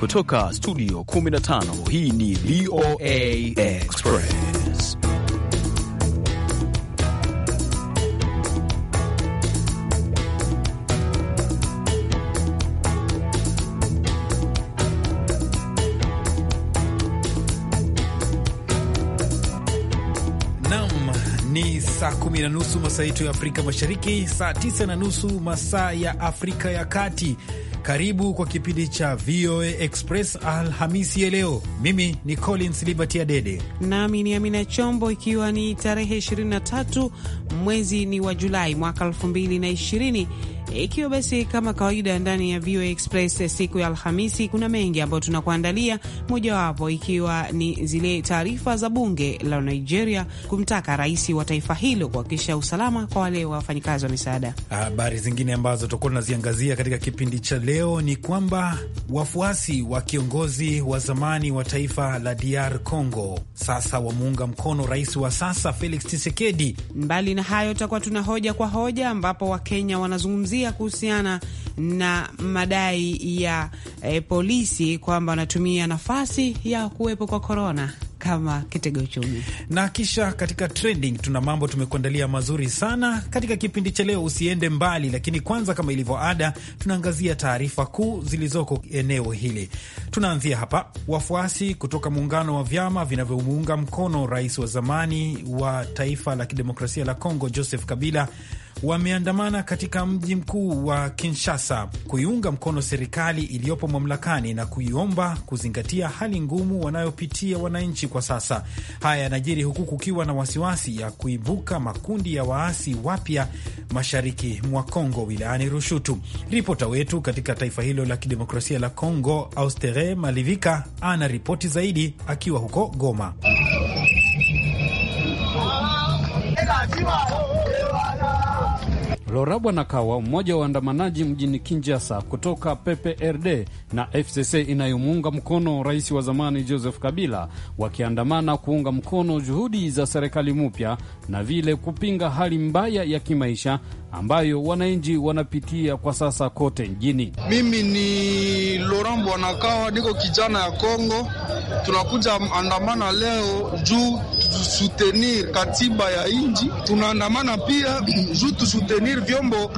Kutoka studio 15 hii ni VOA Express. nam ni Saa kumi na nusu masaa yetu ya Afrika Mashariki, saa tisa na nusu masaa ya Afrika ya Kati. Karibu kwa kipindi cha VOA Express Alhamisi ya leo. Mimi ni Collins Liberty Adede nami ni Amina Chombo, ikiwa ni tarehe 23 mwezi ni wa Julai mwaka 2020 ikiwa basi kama kawaida ndani ya VOA Express siku ya Alhamisi kuna mengi ambayo tunakuandalia, mojawapo ikiwa ni zile taarifa za bunge la Nigeria kumtaka rais wa taifa hilo kuhakikisha usalama kwa wale wafanyikazi wa misaada. Habari zingine ambazo tutakuwa tunaziangazia katika kipindi cha leo ni kwamba wafuasi wa kiongozi wa zamani wa taifa la DR Congo sasa wamuunga mkono rais wa sasa Felix Tshisekedi. Mbali na hayo, tutakuwa tuna hoja kwa hoja ambapo Wakenya wanazungumzia sheria kuhusiana na madai ya e, polisi kwamba wanatumia nafasi ya kuwepo kwa korona kama kitega uchumi. Na kisha katika trending tuna mambo tumekuandalia mazuri sana katika kipindi cha leo, usiende mbali. Lakini kwanza, kama ilivyo ada, tunaangazia taarifa kuu zilizoko eneo hili. Tunaanzia hapa. Wafuasi kutoka muungano wa vyama vinavyomuunga mkono rais wa zamani wa taifa la kidemokrasia la congo Joseph Kabila wameandamana katika mji mkuu wa Kinshasa kuiunga mkono serikali iliyopo mamlakani na kuiomba kuzingatia hali ngumu wanayopitia wananchi kwa sasa. Haya yanajiri huku kukiwa na wasiwasi ya kuibuka makundi ya waasi wapya mashariki mwa Kongo wilayani Rushutu. Ripota wetu katika taifa hilo la kidemokrasia la Kongo, Austere Malivika, ana ripoti zaidi akiwa huko Goma. Lorabwa Nakawa, mmoja wa waandamanaji mjini Kinjasa kutoka PPRD na FCC inayomuunga mkono rais wa zamani Joseph Kabila, wakiandamana kuunga mkono juhudi za serikali mpya na vile kupinga hali mbaya ya kimaisha ambayo wananchi wanapitia kwa sasa kote nchini. Mimi ni Laurent Bwanakawa, niko kijana ya Kongo. Tunakuja andamana leo juu tusutenir katiba ya nchi, tunaandamana pia juu tusutenir vyombo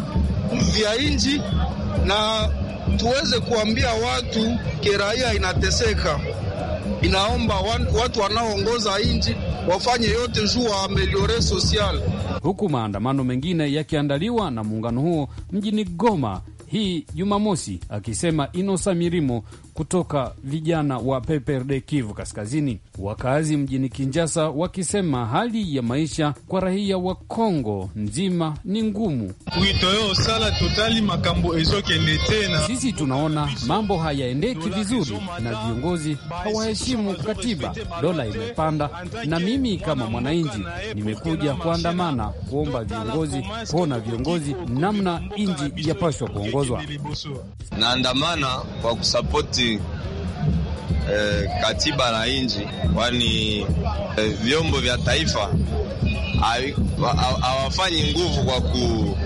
vya nchi na tuweze kuambia watu keraia inateseka inaomba wan, watu wanaoongoza nchi wafanye yote juu waameliore sosial, huku maandamano mengine yakiandaliwa na muungano huo mjini Goma hii Jumamosi, akisema Inosa Mirimo, kutoka vijana wa PPRD Kivu Kaskazini, wakazi mjini Kinjasa wakisema hali ya maisha kwa raia wa Kongo nzima ni ngumu. Sisi tunaona mambo hayaendeki vizuri na viongozi hawaheshimu katiba, dola imepanda, na mimi kama mwananchi nimekuja kuandamana kuomba viongozi, kuona viongozi namna nji yapashwa kuongozwa. Naandamana kwa kusapoti sisi e, eh, katiba la nchi, kwani e, vyombo vya taifa hawafanyi nguvu kwa ku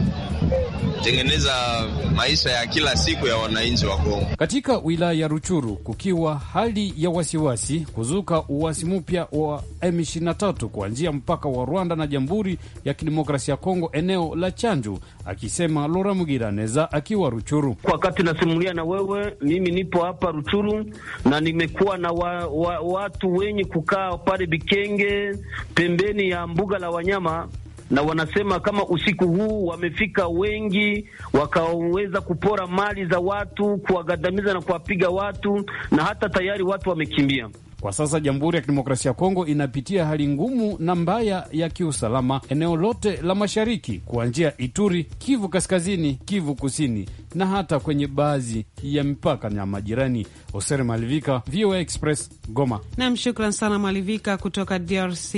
kutengeneza maisha ya kila siku ya wananchi wa Kongo. Katika wilaya ya Ruchuru kukiwa hali ya wasiwasi kuzuka uwasi mpya wa M23 kuanzia mpaka wa Rwanda na Jamhuri ya Kidemokrasia ya Kongo eneo la Chanju, akisema Lora Mugiraneza akiwa Ruchuru. Wakati nasimulia na wewe, mimi nipo hapa Ruchuru na nimekuwa na wa, wa, watu wenye kukaa pale Bikenge pembeni ya mbuga la wanyama na wanasema kama usiku huu wamefika wengi, wakaweza kupora mali za watu, kuwagandamiza na kuwapiga watu, na hata tayari watu wamekimbia. Kwa sasa Jamhuri ya Kidemokrasia ya Kongo inapitia hali ngumu na mbaya ya kiusalama eneo lote la mashariki, kuanzia Ituri, Kivu Kaskazini, Kivu Kusini na hata kwenye baadhi ya mipaka na majirani. Osere Malivika, VOA Express, Goma. Nam, shukran sana Malivika kutoka DRC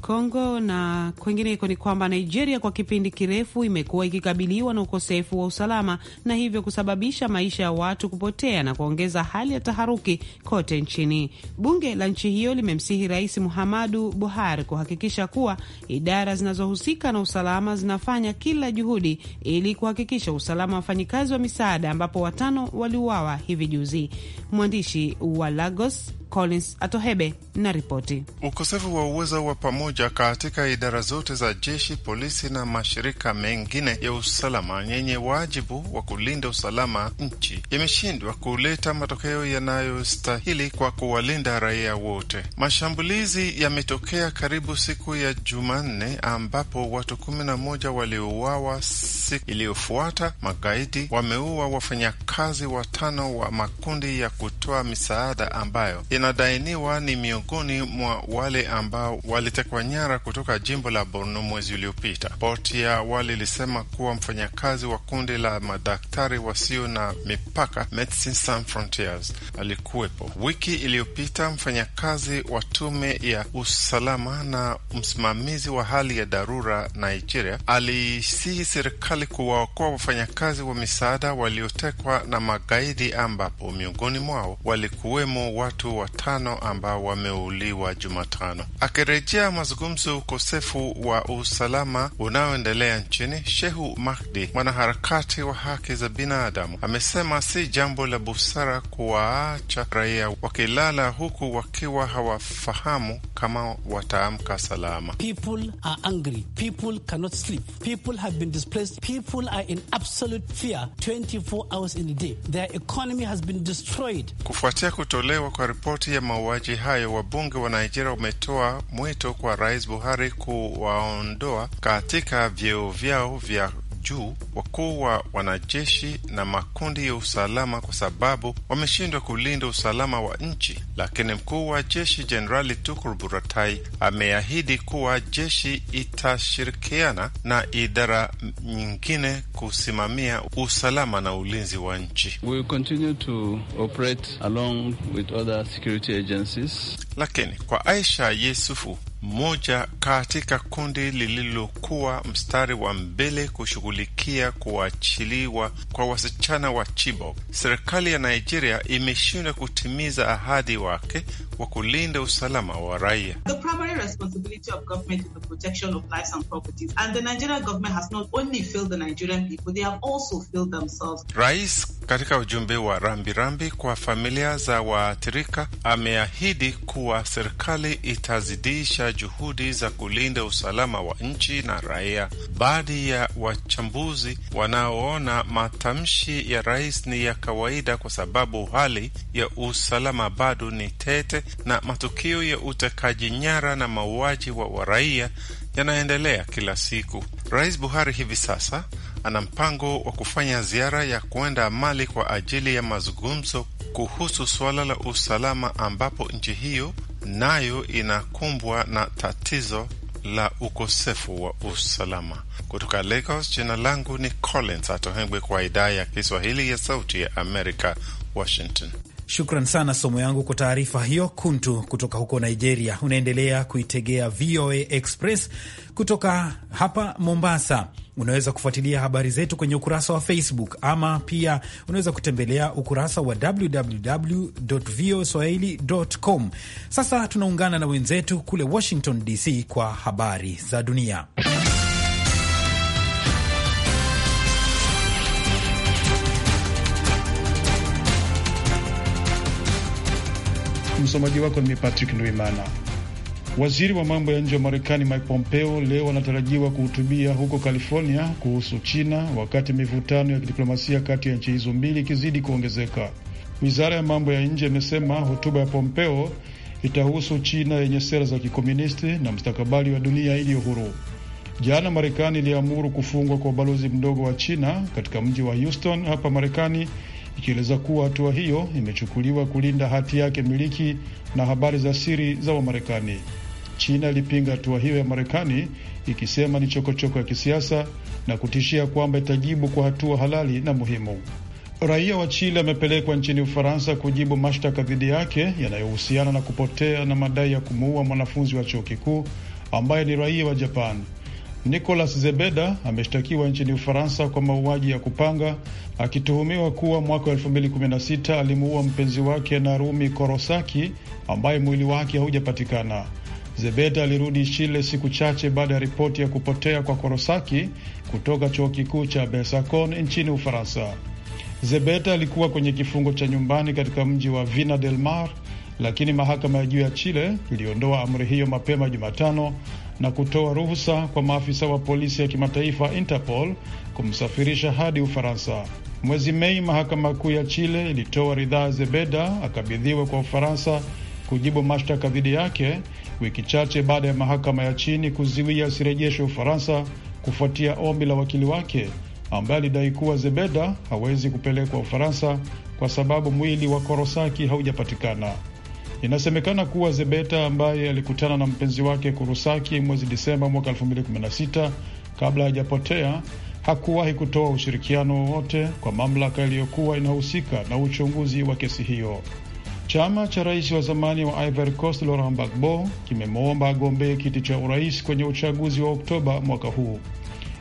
Congo. Eh, na kwengineko ni kwamba Nigeria kwa kipindi kirefu imekuwa ikikabiliwa na ukosefu wa usalama na hivyo kusababisha maisha ya watu kupotea na kuongeza hali ya taharuki kote nchini. Bunge Bunge la nchi hiyo limemsihi Rais Muhammadu Buhari kuhakikisha kuwa idara zinazohusika na usalama zinafanya kila juhudi ili kuhakikisha usalama wa wafanyikazi wa misaada ambapo watano waliuawa hivi juzi. Mwandishi wa Lagos Collins Atohebe na ripoti. Ukosefu wa uwezo wa pamoja katika idara zote za jeshi, polisi na mashirika mengine ya usalama yenye wajibu wa kulinda usalama nchi imeshindwa kuleta matokeo yanayostahili kwa kuwalinda raia wote. Mashambulizi yametokea karibu siku ya Jumanne ambapo watu kumi na moja waliuawa. Siku iliyofuata magaidi wameua wafanyakazi watano wa makundi ya kutoa misaada ambayo inadainiwa ni miongoni mwa wale ambao walitekwa nyara kutoka jimbo la Borno mwezi uliopita. Ripoti ya awali ilisema kuwa mfanyakazi wa kundi la madaktari wasio na mipaka Sans Frontieres alikuwepo wiki iliyopita mfanyakazi wa tume ya usalama na msimamizi wa hali ya dharura Nigeria aliisihi serikali kuwaokoa wafanyakazi wa misaada waliotekwa na magaidi, ambapo miongoni mwao walikuwemo watu watano ambao wameuliwa Jumatano. Akirejea mazungumzo ukosefu wa usalama unaoendelea nchini, Shehu Mahdi, mwanaharakati wa haki za binadamu, amesema si jambo la busara kuwaacha raia wakilala huku huku wakiwa hawafahamu kama wataamka salama. People are angry. People cannot sleep. People have been displaced. People are in absolute fear 24 hours in a day. Their economy has been destroyed. Kufuatia kutolewa kwa ripoti ya mauaji hayo, wabunge wa Nigeria wametoa mwito kwa Rais Buhari kuwaondoa katika vyeo vyao vya juu wakuu wa wanajeshi na makundi ya usalama kwa sababu wameshindwa kulinda usalama wa nchi, lakini mkuu wa jeshi Jenerali Tukur Buratai ameahidi kuwa jeshi itashirikiana na idara nyingine kusimamia usalama na ulinzi wa nchi. Lakini kwa Aisha Yusufu moja katika kundi lililokuwa mstari wa mbele kushughulikia kuachiliwa kwa wasichana wa Chibok. Serikali ya Nigeria imeshindwa kutimiza ahadi wake wa kulinda usalama wa raia. Rais katika ujumbe wa rambirambi rambi kwa familia za waathirika ameahidi kuwa serikali itazidisha juhudi za kulinda usalama wa nchi na raia. Baadhi ya wachambuzi wanaoona matamshi ya rais ni ya kawaida, kwa sababu hali ya usalama bado ni tete na matukio ya utekaji nyara na mauaji wa waraia yanaendelea kila siku. Rais Buhari hivi sasa ana mpango wa kufanya ziara ya kuenda Mali kwa ajili ya mazungumzo kuhusu suala la usalama, ambapo nchi hiyo nayo inakumbwa na tatizo la ukosefu wa usalama. Kutoka Lagos, jina langu ni Collins Atohengwe, kwa idhaa ya Kiswahili ya Sauti ya Amerika, Washington. Shukran sana Somo yangu kwa taarifa hiyo, Kuntu kutoka huko Nigeria. Unaendelea kuitegea VOA Express kutoka hapa Mombasa. Unaweza kufuatilia habari zetu kwenye ukurasa wa Facebook ama pia unaweza kutembelea ukurasa wa www voa swahili com. Sasa tunaungana na wenzetu kule Washington DC kwa habari za dunia. Msomaji wako ni Patrick Ndwimana. Waziri wa mambo ya nje wa Marekani Mike Pompeo leo anatarajiwa kuhutubia huko California kuhusu China, wakati mivutano ya kidiplomasia kati ya nchi hizo mbili ikizidi kuongezeka. Wizara ya mambo ya nje imesema hotuba ya Pompeo itahusu China yenye sera za kikomunisti na mstakabali wa dunia iliyo huru. Jana Marekani iliamuru kufungwa kwa ubalozi mdogo wa China katika mji wa Houston hapa Marekani ikieleza kuwa hatua hiyo imechukuliwa kulinda hati yake miliki na habari za siri za Wamarekani. China ilipinga hatua hiyo ya Marekani ikisema ni chokochoko ya kisiasa na kutishia kwamba itajibu kwa hatua halali na muhimu. Raia wa Chile amepelekwa nchini Ufaransa kujibu mashtaka dhidi yake yanayohusiana na kupotea na madai ya kumuua mwanafunzi wa chuo kikuu ambaye ni raia wa Japan. Nicolas Zebeda ameshtakiwa nchini Ufaransa kwa mauaji ya kupanga akituhumiwa kuwa mwaka wa 2016 alimuua mpenzi wake Narumi Korosaki ambaye mwili wake haujapatikana. Zebeda alirudi Chile siku chache baada ya ripoti ya kupotea kwa Korosaki kutoka chuo kikuu cha besacon nchini Ufaransa. Zebeda alikuwa kwenye kifungo cha nyumbani katika mji wa Vina del Mar, lakini mahakama ya juu ya Chile iliondoa amri hiyo mapema Jumatano na kutoa ruhusa kwa maafisa wa polisi ya kimataifa Interpol kumsafirisha hadi Ufaransa. Mwezi Mei, mahakama kuu ya Chile ilitoa ridhaa Zebeda akabidhiwe kwa Ufaransa kujibu mashtaka dhidi yake, wiki chache baada ya mahakama ya chini kuziwia asirejeshe Ufaransa kufuatia ombi la wakili wake ambaye alidai kuwa Zebeda hawezi kupelekwa Ufaransa kwa sababu mwili wa Korosaki haujapatikana. Inasemekana kuwa Zebeta ambaye alikutana na mpenzi wake Kurusaki mwezi Disemba mwaka 2016 kabla hajapotea hakuwahi kutoa ushirikiano wowote kwa mamlaka iliyokuwa inahusika na uchunguzi wa kesi hiyo. Chama cha rais wa zamani wa Ivory Coast Laurent Gbagbo kimemwomba agombee kiti cha urais kwenye uchaguzi wa Oktoba mwaka huu.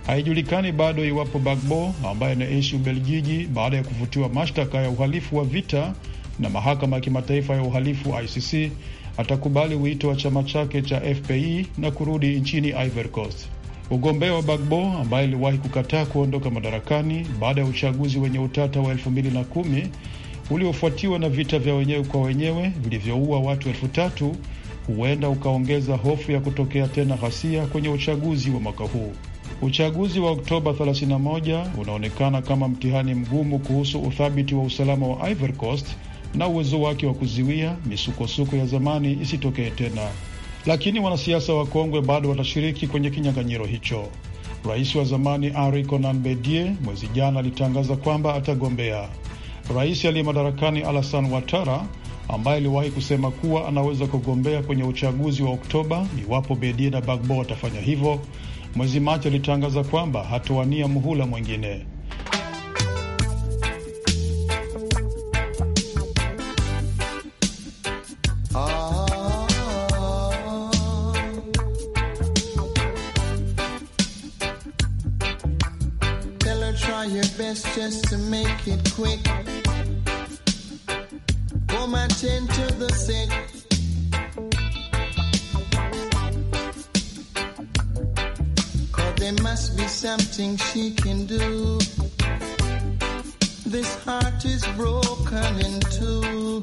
Haijulikani bado iwapo Gbagbo ambaye anaishi Ubelgiji baada ya kufutiwa mashtaka ya uhalifu wa vita na mahakama ya kimataifa ya uhalifu ICC atakubali wito wa chama chake cha FPI na kurudi nchini Ivory Coast. Ugombea wa Bagbo ambaye aliwahi kukataa kuondoka madarakani baada ya uchaguzi wenye utata wa 2010 uliofuatiwa na vita vya wenyewe kwa wenyewe vilivyoua watu elfu tatu huenda ukaongeza hofu ya kutokea tena ghasia kwenye uchaguzi wa mwaka huu. Uchaguzi wa Oktoba 31 unaonekana kama mtihani mgumu kuhusu uthabiti wa usalama wa Ivory Coast na uwezo wake wa kuziwia misukosuko ya zamani isitokee tena, lakini wanasiasa wakongwe bado watashiriki kwenye kinyang'anyiro hicho. Rais wa zamani Henri Konan Bedie mwezi jana alitangaza kwamba atagombea. Rais aliye madarakani Alassane Ouattara ambaye aliwahi kusema kuwa anaweza kugombea kwenye uchaguzi wa Oktoba iwapo Bedie na Bagbo watafanya hivyo, mwezi Machi alitangaza kwamba hatowania muhula mwingine. try your best just to make it quick. Pull my chin to the sick. Cause there must be something she can do. This heart is broken in two.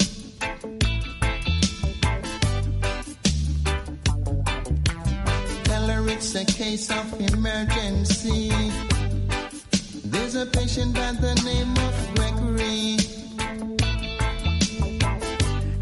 Tell her it's a case of emergency. There's a patient by the name of Gregory.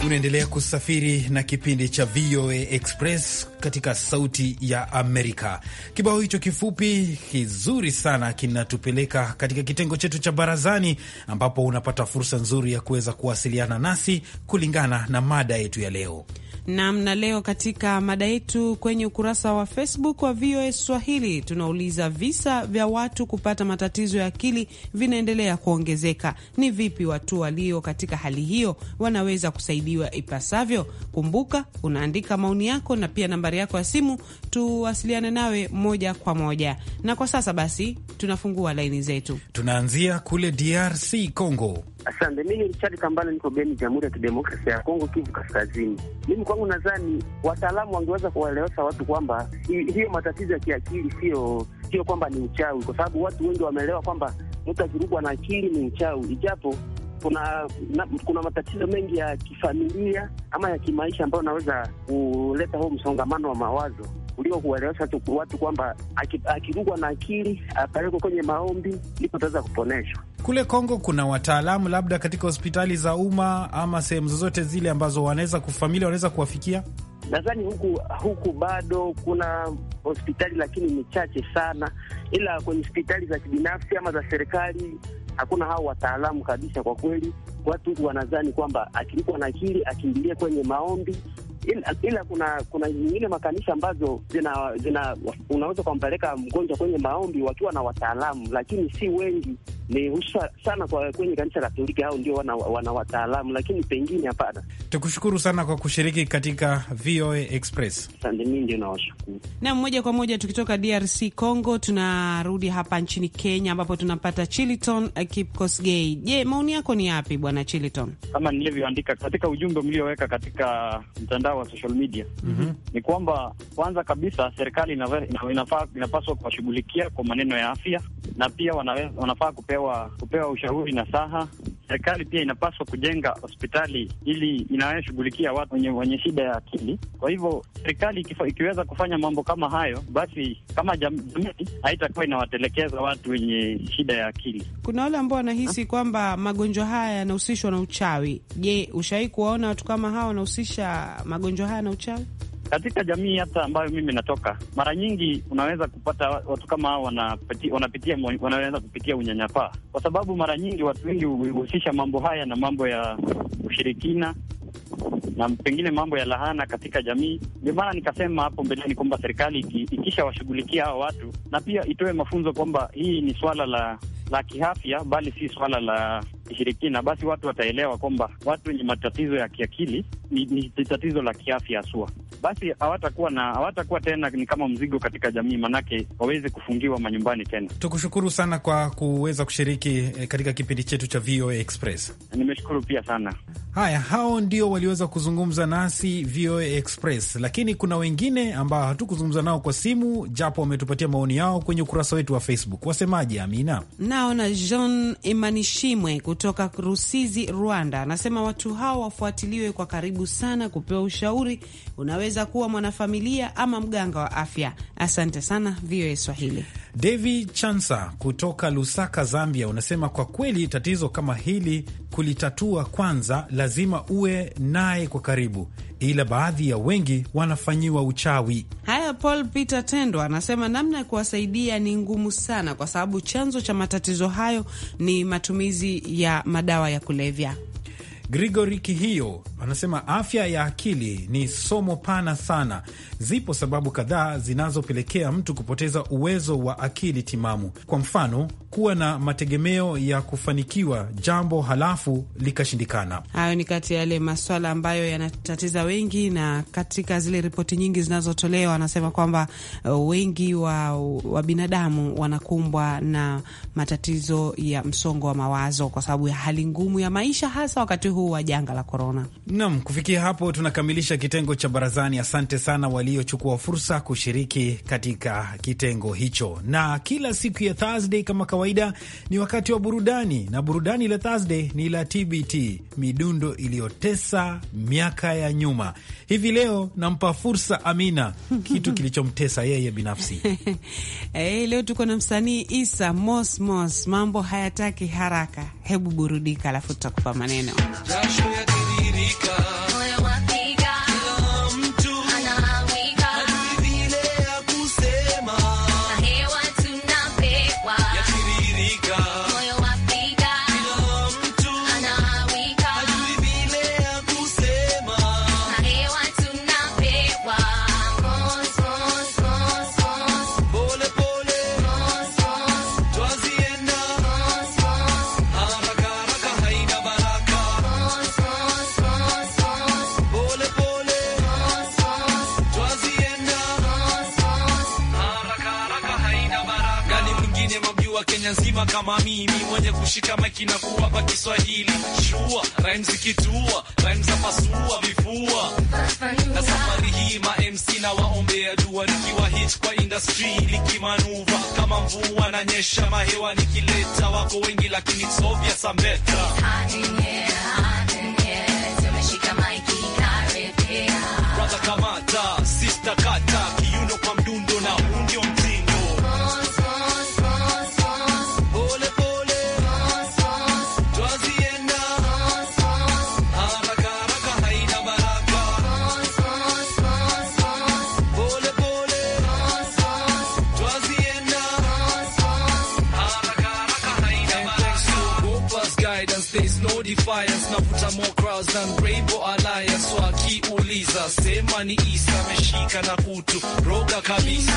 Unaendelea kusafiri na kipindi cha VOA Express katika Sauti ya Amerika. Kibao hicho kifupi kizuri sana kinatupeleka katika kitengo chetu cha Barazani, ambapo unapata fursa nzuri ya kuweza kuwasiliana nasi kulingana na mada yetu ya leo namna. Leo katika mada yetu kwenye ukurasa wa Facebook wa VOA Swahili tunauliza, visa vya watu kupata matatizo ya akili vinaendelea kuongezeka. Ni vipi watu walio katika hali hiyo wanaweza kusaidiwa ipasavyo? Kumbuka unaandika maoni yako na pia nambari yako ya simu, tuwasiliane nawe moja kwa moja. Na kwa sasa basi tunafungua laini zetu, tunaanzia kule DRC Congo. Asante, mimi Richard Kambale, niko Beni, Jamhuri ya Kidemokrasia ya Kongo, Kivu Kaskazini. Mimi kwangu nadhani wataalamu wangeweza kuwaelewesha watu kwamba hiyo matatizo ya kiakili sio sio kwamba ni uchawi, kwa sababu watu wengi wameelewa kwamba mtu akirukwa na akili ni uchawi, ijapo kuna na, kuna matatizo mengi ya kifamilia ama ya kimaisha ambayo anaweza kuleta huo msongamano wa mawazo kuliko kuwaelewesha watu kwamba akirukwa na akili apelekwe kwenye maombi ndipo ataweza kuponeshwa. Kule Kongo kuna wataalamu labda katika hospitali za umma ama sehemu zozote zile ambazo wanaweza kufamilia wanaweza kuwafikia? Nadhani huku huku bado kuna hospitali lakini ni chache sana, ila kwenye hospitali za kibinafsi ama za serikali hakuna hao wataalamu kabisa. Kwa kweli, watu wanadhani kwamba akilikuwa na akili akimbilie kwenye maombi ila, ila kuna kuna nyingine makanisa ambazo zina, zina unaweza kumpeleka mgonjwa kwenye maombi wakiwa na wataalamu, lakini si wengi ni hususa sana kwa kwenye kanisa la Katoliki, hao ndio wana, wana wataalamu, lakini pengine hapana. Tukushukuru sana kwa kushiriki katika VOA Express. Asante, mimi ndio nawashukuru. Na moja kwa moja tukitoka DRC Congo tunarudi hapa nchini Kenya ambapo tunapata Chiliton eh, Kipkosgei. Je, maoni yako ni yapi bwana Chiliton? Kama nilivyoandika katika ujumbe mlioweka katika mtandao wa social media mm -hmm. ni kwamba kwanza kabisa serikali inafaa inapaswa kuwashughulikia kwa maneno ya afya na pia wanafaa kupewa kupewa, kupewa ushauri na saha. Serikali pia inapaswa kujenga hospitali ili inayoshughulikia watu wenye, wenye shida ya akili. Kwa hivyo serikali ikiweza kufanya mambo kama hayo, basi kama jamii haitakuwa inawatelekeza watu wenye shida ya akili. Kuna wale ambao wanahisi kwamba magonjwa haya yanahusishwa na uchawi. Je, ushawahi kuwaona watu kama hawa wanahusisha magonjwa haya na uchawi? Katika jamii hata ambayo mimi natoka, mara nyingi unaweza kupata watu kama hao wanapitia, wanapitia, wanaweza kupitia unyanyapaa, kwa sababu mara nyingi watu wengi huhusisha mambo haya na mambo ya ushirikina na pengine mambo ya lahana katika jamii. Ndio maana nikasema hapo mbeleni kwamba serikali ikisha washughulikia hao watu na pia itoe mafunzo kwamba hii ni swala la la kiafya, bali si swala la kishirikina, basi watu wataelewa kwamba watu wenye matatizo ya kiakili ni, ni tatizo la kiafya haswa. Basi hawatakuwa na hawatakuwa tena ni kama mzigo katika jamii, manake waweze kufungiwa manyumbani tena. Tukushukuru sana kwa kuweza kushiriki eh, katika kipindi chetu cha VOA Express. Nimeshukuru pia sana. Haya, hao ndio waliweza kuzungumza nasi VOA Express, lakini kuna wengine ambao hatukuzungumza nao kwa simu, japo wametupatia maoni yao kwenye ukurasa wetu wa Facebook. Wasemaje, Amina? na nao na Jean Emanishimwe kutoka Rusizi, Rwanda, anasema watu hao wafuatiliwe kwa karibu sana kupewa ushauri. Unaweza kuwa mwanafamilia ama mganga wa afya. Asante sana VOA Swahili davi Chansa kutoka Lusaka, Zambia, unasema kwa kweli tatizo kama hili kulitatua, kwanza lazima uwe naye kwa karibu, ila baadhi ya wengi wanafanyiwa uchawi. Haya, Paul Peter Tendwa anasema namna ya kuwasaidia ni ngumu sana, kwa sababu chanzo cha matatizo hayo ni matumizi ya madawa ya kulevya. Grigori Kihio anasema afya ya akili ni somo pana sana. Zipo sababu kadhaa zinazopelekea mtu kupoteza uwezo wa akili timamu. Kwa mfano, kuwa na mategemeo ya kufanikiwa jambo halafu likashindikana. Hayo ni kati ya yale maswala ambayo yanatatiza wengi, na katika zile ripoti nyingi zinazotolewa wanasema kwamba uh, wengi wa, wa binadamu wanakumbwa na matatizo ya msongo wa mawazo kwa sababu ya hali ngumu ya maisha, hasa wakati huu wa janga la korona. nam kufikia hapo tunakamilisha kitengo cha barazani. Asante sana waliochukua fursa kushiriki katika kitengo hicho, na kila siku ya Thursday kama kawa kawaida ni wakati wa burudani, na burudani la Thursday ni la TBT, midundo iliyotesa miaka ya nyuma. Hivi leo nampa fursa Amina kitu kilichomtesa yeye binafsi. Hey, eh, leo tuko na msanii Isa Mosmos Mos. Mambo hayataki haraka, hebu burudika, alafu tutakupa maneno kama mimi mwenye kushika maiki na kuwapa Kiswahili shua rhymes kitua rhymes za pasua vifua na safari hii ma MC na waombea dua nikiwa hit kwa industry likimanuva kama mvua na nyesha mahewa nikileta wako wengi lakini it's obvious I'm better Hassan alaya Alliance wakiuliza, sema ni Isa ameshika na kutu roga kabisa.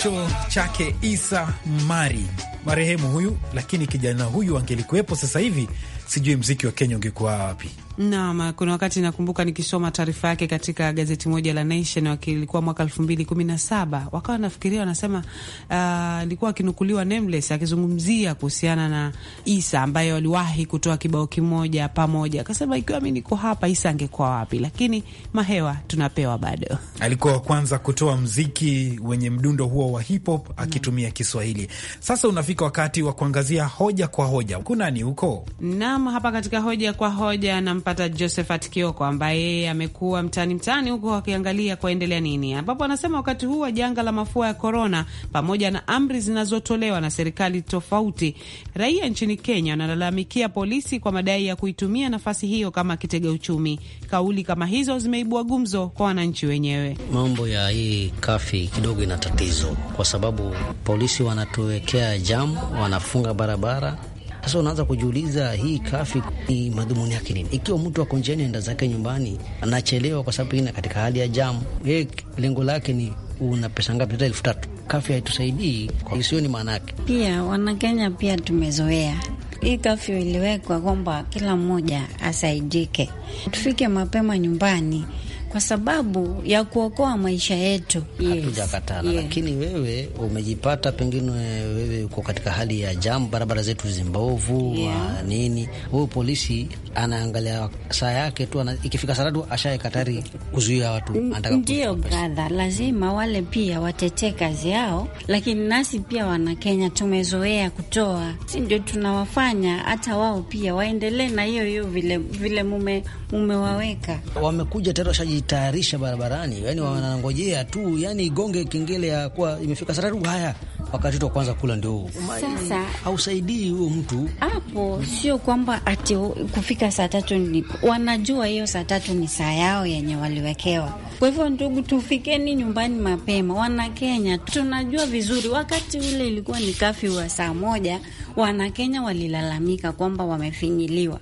hicho chake Isa Mari marehemu huyu, lakini kijana huyu angelikuwepo sasa hivi, sijui mziki wa Kenya ungekuwa wapi. Naam, kuna wakati nakumbuka nikisoma taarifa yake katika gazeti moja la Nation, wakilikuwa mwaka elfu mbili kumi na saba wakawa nafikiria wanasema, ah, alikuwa akinukuliwa Nameless akizungumzia kuhusiana na Isa ambaye waliwahi kutoa kibao kimoja pamoja, akasema ikiwa mi niko hapa Isa angekuwa wapi? Lakini mahewa tunapewa bado. Alikuwa wa kwanza kutoa mziki wenye mdundo huo wa hip hop mm. akitumia Kiswahili. Sasa unafika wakati wa kuangazia hoja kwa hoja. kunani huko? Naam, hapa katika hoja kwa hoja nampa tunampata Josephat Kioko ambaye yeye amekuwa mtaani mtaani huko akiangalia kwaendelea nini, ambapo anasema wakati huu wa janga la mafua ya korona, pamoja na amri zinazotolewa na serikali tofauti, raia nchini Kenya wanalalamikia polisi kwa madai ya kuitumia nafasi hiyo kama kitega uchumi. Kauli kama hizo zimeibua gumzo kwa wananchi wenyewe. Mambo ya hii kafi kidogo ina tatizo, kwa sababu polisi wanatuwekea jamu, wanafunga barabara sasa unaanza kujiuliza hii kafi ni madhumuni yake nini? Ikiwa mtu ako njiani enda zake nyumbani, anachelewa kwa sababu ina katika hali ya jamu, lengo lake ni una pesa ngapi? Hata elfu tatu kafi haitusaidii, isiyo ni maana yake. Pia Wanakenya pia tumezoea hii kafyu iliwekwa kwamba kila mmoja asaidike, tufike mapema nyumbani kwa sababu ya kuokoa maisha yetu. Hatujakataa yes. Lakini wewe umejipata pengine, wewe uko katika hali ya jamu, barabara zetu zimbovu yeah. nini, huyu polisi anaangalia saa yake tu, ikifika saa tatu ashaweka tayari kuzuia watu. Ndio bradha, lazima wale pia watetee kazi yao, lakini nasi pia Wanakenya tumezoea kutoa, si ndio? Tunawafanya hata wao pia waendelee na hiyo hiyo vile, vile mume mumewaweka, wamekuja tayari wanajitayarisha barabarani, yani wanangojea tu, yani igonge kengele ya kuwa imefika saa tatu, haya wakati wa kwanza kula ndio hausaidii huo mtu hapo. Sio kwamba ati kufika saa tatu ni wanajua hiyo saa tatu ni saa yao yenye waliwekewa. Kwa hivyo ndugu, tufikeni nyumbani mapema. Wanakenya tunajua vizuri, wakati ule ilikuwa ni kafi wa saa moja, Wanakenya walilalamika kwamba wamefinyiliwa,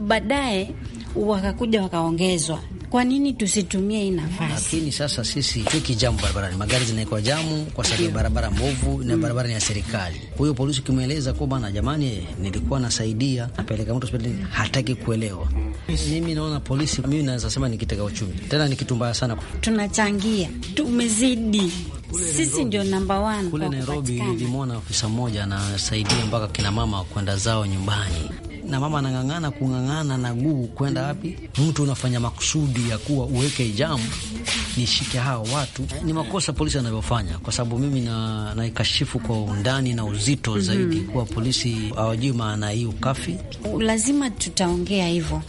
baadaye wakakuja wakaongezwa kwa nini tusitumie hii nafasi? Lakini sasa sisi tuweki jamu barabarani, magari zinaekwa jamu kwa sababu ya barabara mbovu na mm. barabara ni ya serikali. Kwa hiyo polisi ukimweleza kwa bana, jamani, nilikuwa nasaidia napeleka mtu hospitali, hataki kuelewa. Mimi naona polisi, mimi naweza sema ni kitega uchumi tena, ni kitu mbaya sana. Tunachangia, tumezidi sisi ndio namba wan. Kule Nairobi nilimwona afisa mmoja anasaidia mpaka kina mama kwenda zao nyumbani na mama anang'ang'ana kung'ang'ana na guu kwenda wapi? Mtu unafanya makusudi ya kuwa uweke jamu nishike hao watu. Ni makosa polisi anavyofanya, kwa sababu mimi na naikashifu kwa undani na uzito mhm. zaidi kuwa polisi hawajui maana hii ukafi. Lazima tutaongea hivyo,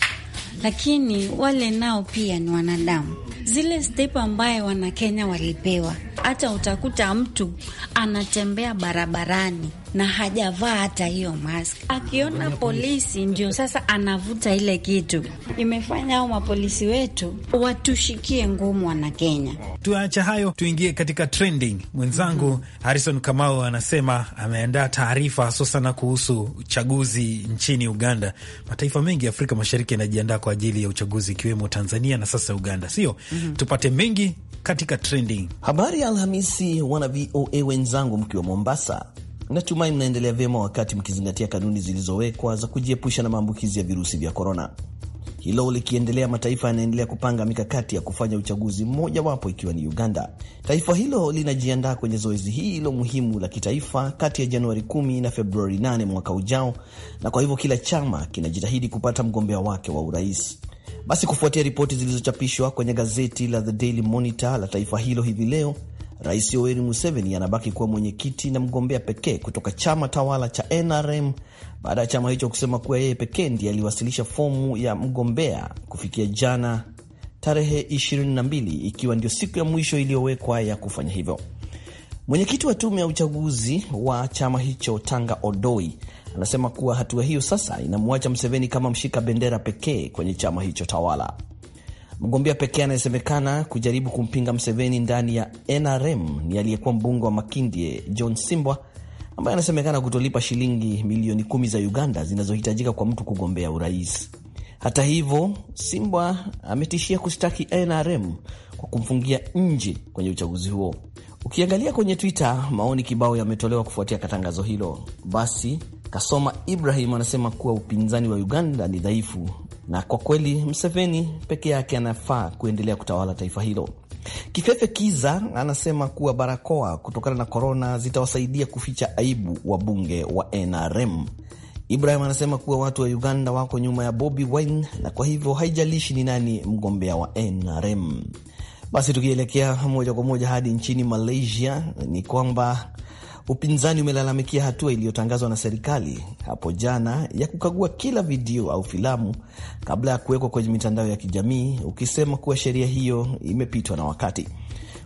lakini wale nao pia ni wanadamu. Zile step ambaye Wanakenya walipewa, hata utakuta mtu anatembea barabarani na hajavaa hata hiyo mask. Akiona polisi ndio sasa anavuta ile kitu, imefanya hao mapolisi wetu watushikie ngumu, wana Kenya. Tuacha hayo, tuingie katika trending. Mwenzangu mm -hmm. Harrison Kamau anasema ameandaa taarifa haswa sana kuhusu uchaguzi nchini Uganda. Mataifa mengi ya Afrika Mashariki yanajiandaa kwa ajili ya uchaguzi ikiwemo Tanzania na sasa Uganda, sio mm -hmm. tupate mengi katika trending. Habari ya Alhamisi, wana VOA wenzangu mkiwa Mombasa Natumai mnaendelea vyema wakati mkizingatia kanuni zilizowekwa za kujiepusha na maambukizi ya virusi vya korona. Hilo likiendelea, mataifa yanaendelea kupanga mikakati ya kufanya uchaguzi, mmojawapo ikiwa ni Uganda. Taifa hilo linajiandaa kwenye zoezi hilo muhimu la kitaifa kati ya Januari 10 na Februari 8 mwaka ujao, na kwa hivyo kila chama kinajitahidi kupata mgombea wake wa urais. Basi kufuatia ripoti zilizochapishwa kwenye gazeti la The Daily Monitor la taifa hilo hivi leo Rais Yoweri Museveni anabaki kuwa mwenyekiti na mgombea pekee kutoka chama tawala cha NRM baada ya chama hicho kusema kuwa yeye pekee ndiye aliwasilisha fomu ya mgombea kufikia jana tarehe 22 ikiwa ndio siku ya mwisho iliyowekwa ya kufanya hivyo. Mwenyekiti wa tume ya uchaguzi wa chama hicho Tanga Odoi anasema kuwa hatua hiyo sasa inamwacha Mseveni kama mshika bendera pekee kwenye chama hicho tawala. Mgombea pekee anayesemekana kujaribu kumpinga Mseveni ndani ya NRM ni aliyekuwa mbunge wa Makindye John Simbwa ambaye anasemekana kutolipa shilingi milioni kumi za Uganda zinazohitajika kwa mtu kugombea urais. Hata hivyo, Simbwa ametishia kushtaki NRM kwa kumfungia nje kwenye uchaguzi huo. Ukiangalia kwenye Twitter, maoni kibao yametolewa kufuatia katangazo hilo. Basi Kasoma Ibrahim anasema kuwa upinzani wa Uganda ni dhaifu na kwa kweli Mseveni peke yake anafaa kuendelea kutawala taifa hilo. Kifefe Kiza anasema kuwa barakoa kutokana na korona zitawasaidia kuficha aibu wa bunge wa NRM. Ibrahim anasema kuwa watu wa Uganda wako nyuma ya Bobi Wine na kwa hivyo haijalishi ni nani mgombea wa NRM. Basi tukielekea moja kwa moja hadi nchini Malaysia, ni kwamba Upinzani umelalamikia hatua iliyotangazwa na serikali hapo jana ya kukagua kila video au filamu kabla ya kuwekwa kwenye mitandao ya kijamii, ukisema kuwa sheria hiyo imepitwa na wakati.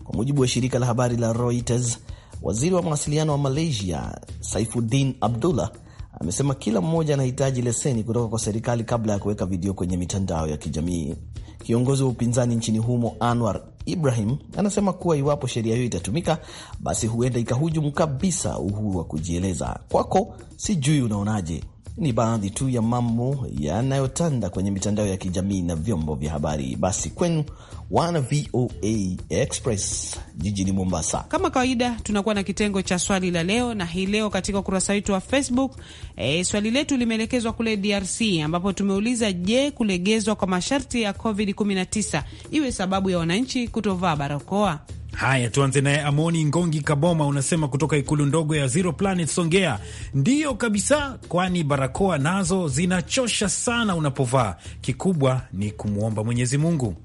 Kwa mujibu wa shirika la habari la Reuters, waziri wa mawasiliano wa Malaysia Saifuddin Abdullah amesema kila mmoja anahitaji leseni kutoka kwa serikali kabla ya kuweka video kwenye mitandao ya kijamii. Kiongozi wa upinzani nchini humo Anwar Ibrahim anasema kuwa iwapo sheria hiyo itatumika, basi huenda ikahujumu kabisa uhuru wa kujieleza. Kwako sijui, unaonaje? Ni baadhi tu ya mambo yanayotanda kwenye mitandao ya kijamii na vyombo vya habari. Basi kwenu wana VOA Express jijini Mombasa, kama kawaida, tunakuwa na kitengo cha swali la leo, na hii leo katika ukurasa wetu wa Facebook e, swali letu limeelekezwa kule DRC ambapo tumeuliza je, kulegezwa kwa masharti ya COVID-19 iwe sababu ya wananchi kutovaa barakoa? Haya, tuanze naye Amoni Ngongi Kaboma, unasema kutoka ikulu ndogo ya Zero Planet Songea. Ndiyo kabisa, kwani barakoa nazo zinachosha sana unapovaa. Kikubwa ni kumwomba Mwenyezi Mungu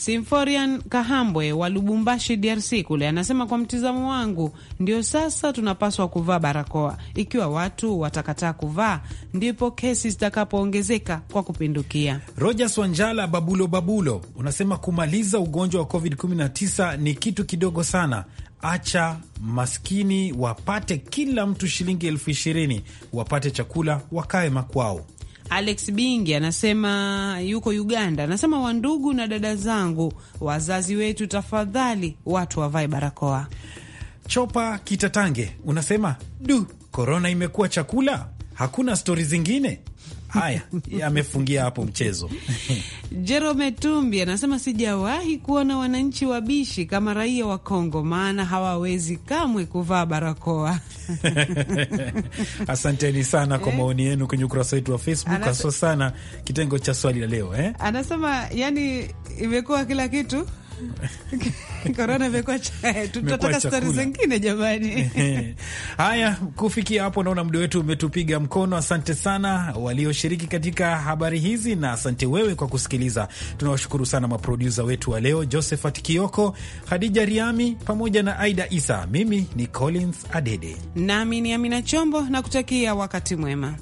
Simforian Kahambwe wa Lubumbashi, DRC kule anasema, kwa mtizamo wangu, ndio sasa tunapaswa kuvaa barakoa. Ikiwa watu watakataa kuvaa, ndipo kesi zitakapoongezeka kwa kupindukia. Rogers Wanjala Babulo Babulo unasema kumaliza ugonjwa wa COVID-19 ni kitu kidogo sana. Acha maskini wapate, kila mtu shilingi elfu ishirini wapate chakula, wakae makwao. Alex Bingi anasema yuko Uganda, anasema wandugu na dada zangu, wazazi wetu, tafadhali watu wavae barakoa. Chopa Kitatange unasema du, korona imekuwa chakula, hakuna stori zingine Haya, amefungia hapo mchezo. Jerome Tumbi anasema sijawahi kuona wananchi wabishi kama raia wa Kongo, maana hawawezi kamwe kuvaa barakoa. Asanteni sana kwa eh? maoni yenu kwenye ukurasa wetu wa Facebook, haswa sana kitengo cha swali la leo eh? Anasema yani imekuwa kila kitu korona imekuwa eh, tutataka stori zingine jamani. Haya, kufikia hapo, naona muda wetu umetupiga mkono. Asante sana walioshiriki katika habari hizi, na asante wewe kwa kusikiliza. Tunawashukuru sana maprodusa wetu wa leo, Josephat Kioko, hadija Riami pamoja na Aida Isa. Mimi ni Collins Adede nami ni Amina Chombo na kutakia wakati mwema.